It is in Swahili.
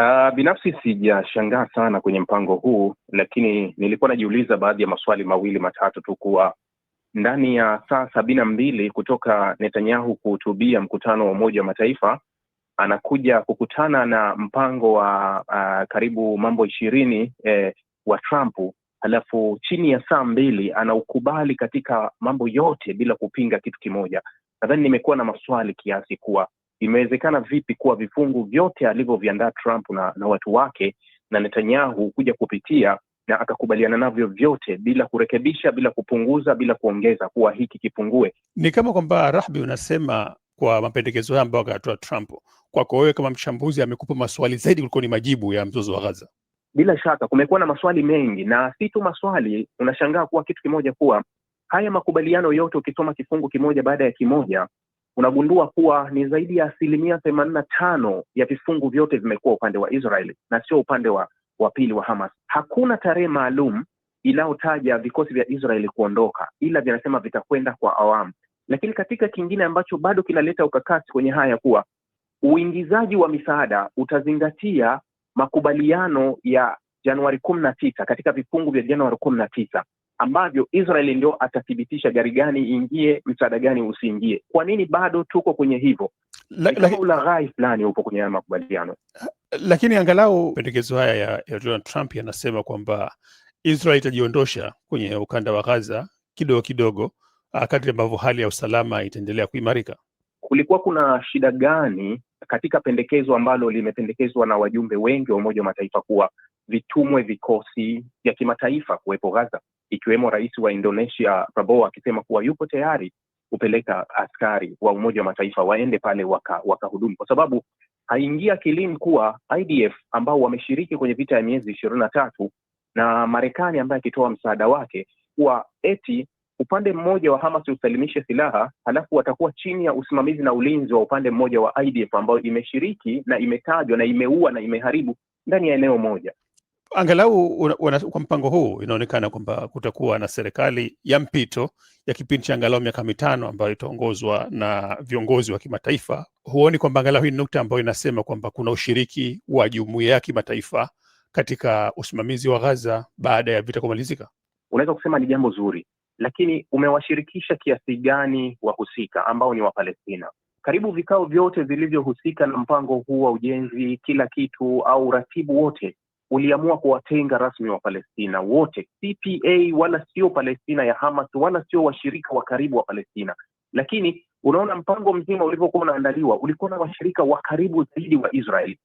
Uh, binafsi sijashangaa sana kwenye mpango huu, lakini nilikuwa najiuliza baadhi ya maswali mawili matatu tu, kuwa ndani ya saa sabini na mbili kutoka Netanyahu kuhutubia mkutano wa Umoja wa Mataifa anakuja kukutana na mpango wa uh, karibu mambo ishirini eh, wa Trump, halafu chini ya saa mbili anaukubali katika mambo yote bila kupinga kitu kimoja. Nadhani nimekuwa na maswali kiasi kuwa imewezekana vipi kuwa vifungu vyote alivyoviandaa Trump na, na watu wake na Netanyahu kuja kupitia na akakubaliana navyo vyote bila kurekebisha, bila kupunguza, bila kuongeza kuwa hiki kipungue. Ni kama kwamba Rahbi unasema kwa mapendekezo hayo ambayo akayatoa Trump, kwako wewe kama mchambuzi, amekupa maswali zaidi kuliko ni majibu ya mzozo wa ghaza Bila shaka kumekuwa na maswali mengi, na si tu maswali. Unashangaa kuwa kitu kimoja kuwa haya makubaliano yote, ukisoma kifungu kimoja baada ya kimoja, unagundua kuwa ni zaidi ya asilimia themanini na tano ya vifungu vyote vimekuwa upande wa israel na sio upande wa wa pili wa Hamas. Hakuna tarehe maalum inayotaja vikosi vya Israeli kuondoka, ila vinasema vitakwenda kwa awamu. Lakini katika kingine ambacho bado kinaleta ukakasi kwenye haya kuwa uingizaji wa misaada utazingatia makubaliano ya Januari kumi na tisa katika vifungu vya Januari kumi na tisa ambavyo Israeli ndio atathibitisha gari gani iingie, msaada gani usiingie. Kwa nini bado tuko kwenye hivyo? Ulaghai fulani upo kwenye haya makubaliano, lakini angalau pendekezo haya ya, ya Donald Trump yanasema kwamba Israel itajiondosha kwenye ukanda wa Gaza kidogo kidogo ah, kadri ambavyo hali ya usalama itaendelea kuimarika. Kulikuwa kuna shida gani katika pendekezo ambalo limependekezwa na wajumbe wengi wa Umoja wa Mataifa kuwa vitumwe vikosi vya kimataifa kuwepo Gaza, ikiwemo rais wa Indonesia Prabowo akisema kuwa yupo tayari kupeleka askari wa Umoja wa Mataifa waende pale wakahudumu waka, kwa sababu haingia kilini kuwa IDF ambao wameshiriki kwenye vita ya miezi ishirini na tatu na Marekani ambaye akitoa msaada wake kuwa eti upande mmoja wa Hamas usalimishe silaha halafu watakuwa chini ya usimamizi na ulinzi wa upande mmoja wa IDF ambayo imeshiriki na imetajwa na imeua na imeharibu ndani ya eneo moja angalau kwa mpango huu inaonekana kwamba kutakuwa na serikali ya mpito ya kipindi cha angalau miaka mitano ambayo itaongozwa na viongozi wa kimataifa. Huoni kwamba angalau hii nukta ambayo inasema kwamba kuna ushiriki wa jumuiya ya kimataifa katika usimamizi wa Gaza baada ya vita kumalizika? Unaweza kusema ni jambo zuri, lakini umewashirikisha kiasi gani wahusika ambao ni Wapalestina? Karibu vikao vyote vilivyohusika na mpango huu wa ujenzi, kila kitu au uratibu wote uliamua kuwatenga rasmi wa Palestina wote, CPA wala sio Palestina ya Hamas wala sio washirika wa karibu wa Palestina. Lakini unaona mpango mzima ulivyokuwa unaandaliwa ulikuwa na washirika wa karibu zaidi wa Israel.